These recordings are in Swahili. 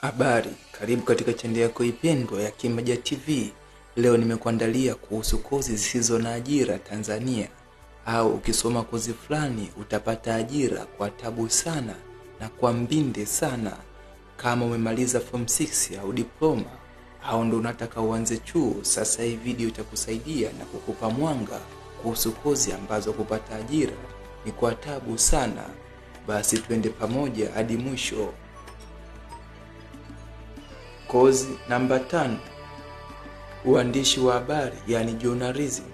Habari, karibu katika chaneli yako ipendwa ya Kimaja TV. Leo nimekuandalia kuhusu kozi zisizo na ajira Tanzania, au ukisoma kozi fulani utapata ajira kwa tabu sana na kwa mbinde sana. Kama umemaliza form 6 au diploma au ndo unataka uanze chuo, sasa hii video itakusaidia na kukupa mwanga kuhusu kozi ambazo kupata ajira ni kwa tabu sana. Basi tuende pamoja hadi mwisho. Kozi namba tano, uandishi wa habari yani journalism.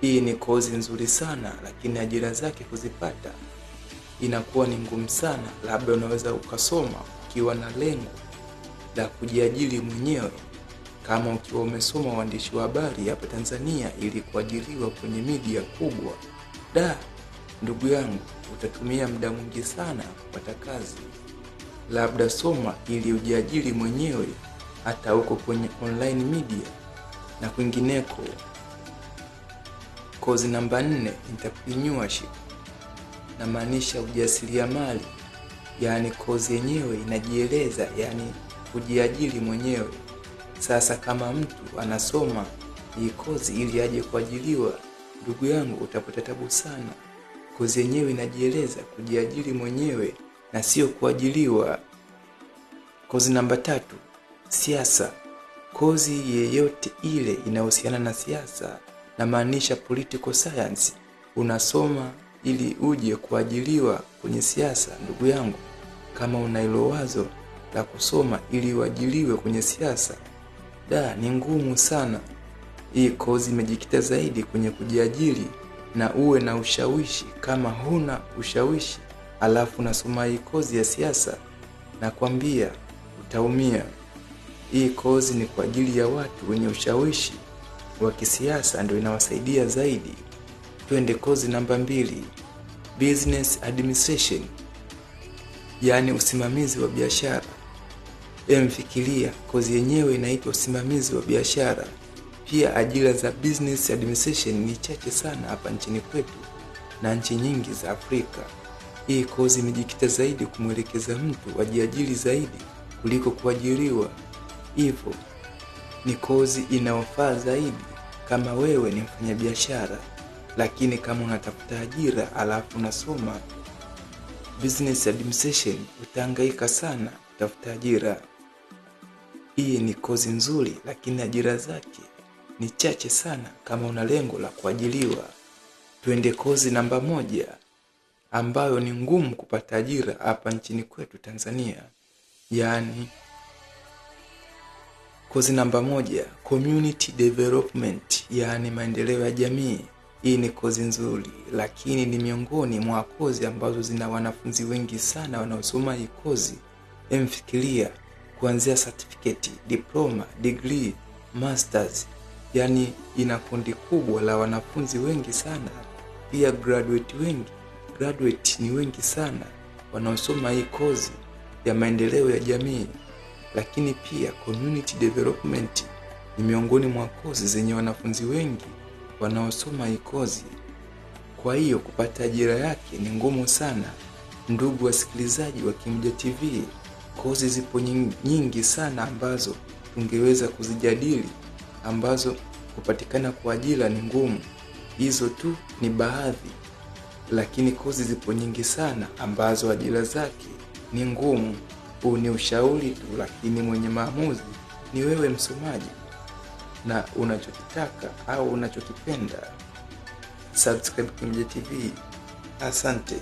Hii ni kozi nzuri sana, lakini ajira zake kuzipata inakuwa ni ngumu sana. Labda unaweza ukasoma ukiwa na lengo la kujiajiri mwenyewe, kama ukiwa umesoma uandishi wa habari hapa Tanzania ili kuajiriwa kwenye media kubwa. Da, ndugu yangu, utatumia muda mwingi sana kupata kazi labda soma ili ujiajiri mwenyewe hata huko kwenye online media na kwingineko. Kozi namba nne, entrepreneurship namaanisha ujasiriamali, yaani kozi yenyewe inajieleza, yaani kujiajiri mwenyewe. Sasa kama mtu anasoma hii kozi ili aje kuajiliwa, ndugu yangu, utapata tabu sana. Kozi yenyewe inajieleza, kujiajiri mwenyewe na sio kuajiliwa. Kozi namba tatu, siasa. Kozi yeyote ile inayohusiana na siasa, namaanisha political science. Unasoma ili uje kuajiliwa kwenye siasa. Ndugu yangu, kama una hilo wazo la kusoma ili uajiliwe kwenye siasa, da, ni ngumu sana. Hii kozi imejikita zaidi kwenye kujiajiri na uwe na ushawishi. Kama huna ushawishi alafu nasoma hii kozi ya siasa, nakwambia utaumia. Hii kozi ni kwa ajili ya watu wenye ushawishi wa kisiasa, ndio inawasaidia zaidi. Twende kozi namba mbili, business administration, yaani usimamizi wa biashara. Emfikiria kozi yenyewe inaitwa usimamizi wa biashara. Pia ajira za business administration ni chache sana hapa nchini kwetu na nchi nyingi za Afrika. Hii kozi imejikita zaidi kumwelekeza mtu ajiajiri zaidi kuliko kuajiriwa, hivyo ni kozi inayofaa zaidi kama wewe ni mfanyabiashara. Lakini kama unatafuta ajira alafu unasoma business administration, utahangaika sana kutafuta ajira. Hii ni kozi nzuri, lakini ajira zake ni chache sana kama una lengo la kuajiliwa. Tuende kozi namba moja ambayo ni ngumu kupata ajira hapa nchini kwetu Tanzania. Yaani, kozi namba moja, community development, yaani maendeleo ya jamii. Hii ni kozi nzuri, lakini ni miongoni mwa kozi ambazo zina wanafunzi wengi sana wanaosoma hii kozi. Emfikiria kuanzia certificate, diploma, degree, masters, yaani ina kundi kubwa la wanafunzi wengi sana, pia graduate wengi graduate ni wengi sana wanaosoma hii kozi ya maendeleo ya jamii, lakini pia community development ni miongoni mwa kozi zenye wanafunzi wengi wanaosoma hii kozi. Kwa hiyo kupata ajira yake ni ngumu sana. Ndugu wasikilizaji wa Kimja TV, kozi zipo nyingi sana ambazo tungeweza kuzijadili ambazo kupatikana kwa ajira ni ngumu. Hizo tu ni baadhi lakini kozi zipo nyingi sana ambazo ajira zake ni ngumu. Huu ni ushauri tu, lakini mwenye maamuzi ni wewe msomaji na unachokitaka au unachokipenda. Subscribe Kimeja TV. Asante.